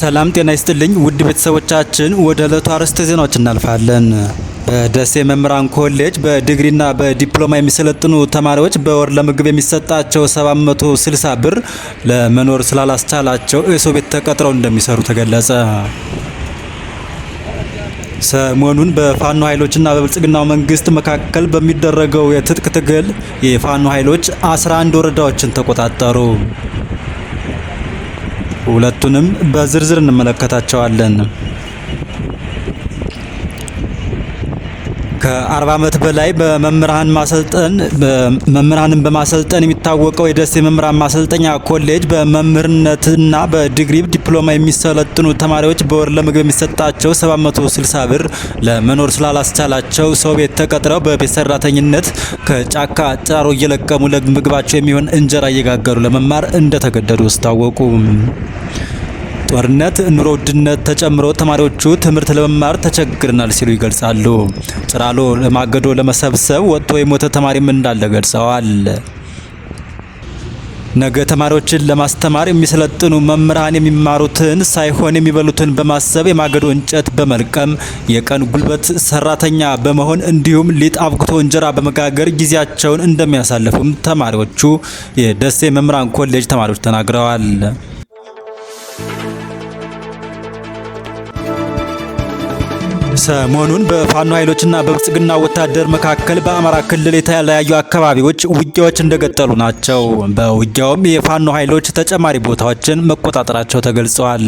ሰላም ጤና ይስጥልኝ ውድ ቤተሰቦቻችን፣ ወደ እለቱ አርዕስተ ዜናዎች እናልፋለን። በደሴ መምህራን ኮሌጅ በዲግሪና በዲፕሎማ የሚሰለጥኑ ተማሪዎች በወር ለምግብ የሚሰጣቸው 760 ብር ለመኖር ስላላስቻላቸው እሰው ቤት ተቀጥረው እንደሚሰሩ ተገለጸ። ሰሞኑን በፋኖ ኃይሎችና በብልጽግናው መንግስት መካከል በሚደረገው የትጥቅ ትግል የፋኖ ኃይሎች 11 ወረዳዎችን ተቆጣጠሩ። ሁለቱንም በዝርዝር እንመለከታቸዋለን። ከአርባ ዓመት በላይ በመምህራን ማሰልጠን መምህራንን በማሰልጠን የሚታወቀው የደሴ መምህራን ማሰልጠኛ ኮሌጅ በመምህርነትና በዲግሪ ዲፕሎማ የሚሰለጥኑ ተማሪዎች በወር ለምግብ የሚሰጣቸው 760 ብር ለመኖር ስላላስቻላቸው ሰው ቤት ተቀጥረው በቤት ሰራተኝነት ከጫካ ጭራሮ እየለቀሙ ለምግባቸው የሚሆን እንጀራ እየጋገሩ ለመማር እንደተገደዱ አስታወቁ። ጦርነት፣ ኑሮ ውድነት ተጨምሮ ተማሪዎቹ ትምህርት ለመማር ተቸግረናል ሲሉ ይገልጻሉ። ጭራሎ ለማገዶ ለመሰብሰብ ወጥቶ የሞተ ተማሪም እንዳለ ገልጸዋል። ነገ ተማሪዎችን ለማስተማር የሚሰለጥኑ መምህራን የሚማሩትን ሳይሆን የሚበሉትን በማሰብ የማገዶ እንጨት በመልቀም የቀን ጉልበት ሰራተኛ በመሆን እንዲሁም ሊጥ አብኩቶ እንጀራ በመጋገር ጊዜያቸውን እንደሚያሳልፉም ተማሪዎቹ የደሴ መምህራን ኮሌጅ ተማሪዎች ተናግረዋል። ሰሞኑን በፋኖ ኃይሎችና በብልጽግና ወታደር መካከል በአማራ ክልል የተለያዩ አካባቢዎች ውጊያዎች እንደቀጠሉ ናቸው። በውጊያውም የፋኖ ኃይሎች ተጨማሪ ቦታዎችን መቆጣጠራቸው ተገልጸዋል።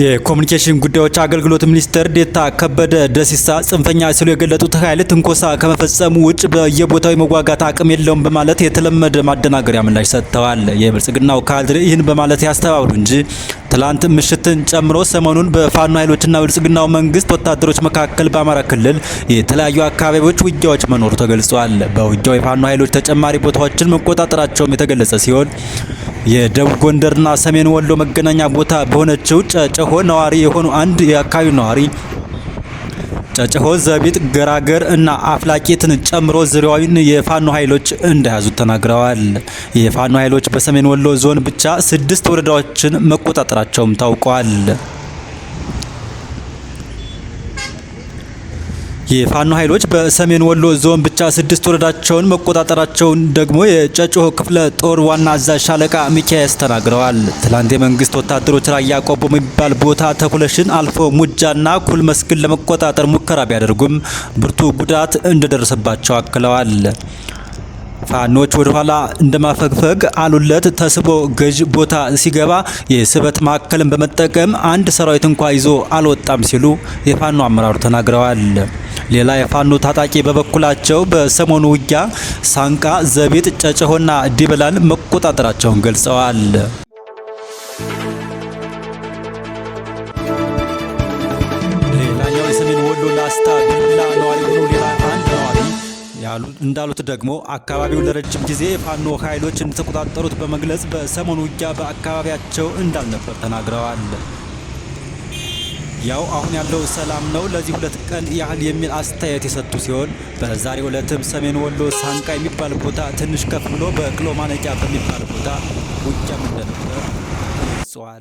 የኮሚኒኬሽን ጉዳዮች አገልግሎት ሚኒስትር ዴታ ከበደ ደሲሳ ጽንፈኛ ሲሉ የገለጡት ኃይል ትንኮሳ ከመፈጸሙ ውጭ በየቦታው የመዋጋት አቅም የለውም በማለት የተለመደ ማደናገሪያ ምላሽ ሰጥተዋል። የብልጽግናው ካድሬ ይህን በማለት ያስተባብሉ እንጂ ትላንት ምሽትን ጨምሮ ሰሞኑን በፋኖ ኃይሎችና ብልጽግናው መንግስት ወታደሮች መካከል በአማራ ክልል የተለያዩ አካባቢዎች ውጊያዎች መኖሩ ተገልጿል። በውጊያው የፋኖ ኃይሎች ተጨማሪ ቦታዎችን መቆጣጠራቸውም የተገለጸ ሲሆን የደቡብ ጎንደርና ሰሜን ወሎ መገናኛ ቦታ በሆነችው ጨጨሆ ነዋሪ የሆኑ አንድ የአካባቢው ነዋሪ ጨጨሆ፣ ዘቢጥ፣ ገራገር እና አፍላቂትን ጨምሮ ዙሪያውን የፋኖ ኃይሎች እንደያዙ ተናግረዋል። የፋኖ ኃይሎች በሰሜን ወሎ ዞን ብቻ ስድስት ወረዳዎችን መቆጣጠራቸውም ታውቋል። የፋኖ ኃይሎች በሰሜን ወሎ ዞን ብቻ ስድስት ወረዳቸውን መቆጣጠራቸውን ደግሞ የጨጮሆ ክፍለ ጦር ዋና አዛዥ ሻለቃ ሚካኤስ ተናግረዋል። ትላንት የመንግስት ወታደሮች ራያ ቆቦ የሚባል ቦታ ተኩለሽን አልፎ ሙጃና ኩል መስክን ለመቆጣጠር ሙከራ ቢያደርጉም ብርቱ ጉዳት እንደደረሰባቸው አክለዋል። ፋኖች ወደኋላ እንደማፈግፈግ አሉለት። ተስቦ ገዥ ቦታ ሲገባ የስበት ማዕከልን በመጠቀም አንድ ሰራዊት እንኳ ይዞ አልወጣም ሲሉ የፋኖ አመራሩ ተናግረዋል። ሌላ የፋኖ ታጣቂ በበኩላቸው በሰሞኑ ውጊያ ሳንቃ፣ ዘቤት፣ ጨጨሆና ዲበላን መቆጣጠራቸውን ገልጸዋል። እንዳሉት ደግሞ አካባቢው ለረጅም ጊዜ የፋኖ ኃይሎች እንደተቆጣጠሩት በመግለጽ በሰሞኑ ውጊያ በአካባቢያቸው እንዳልነበር ተናግረዋል። ያው አሁን ያለው ሰላም ነው ለዚህ ሁለት ቀን ያህል የሚል አስተያየት የሰጡ ሲሆን በዛሬ ዕለትም ሰሜን ወሎ ሳንቃ የሚባል ቦታ ትንሽ ከፍ ብሎ በቅሎ ማነቂያ በሚባል ቦታ ውጊያም እንደነበር ገልጸዋል።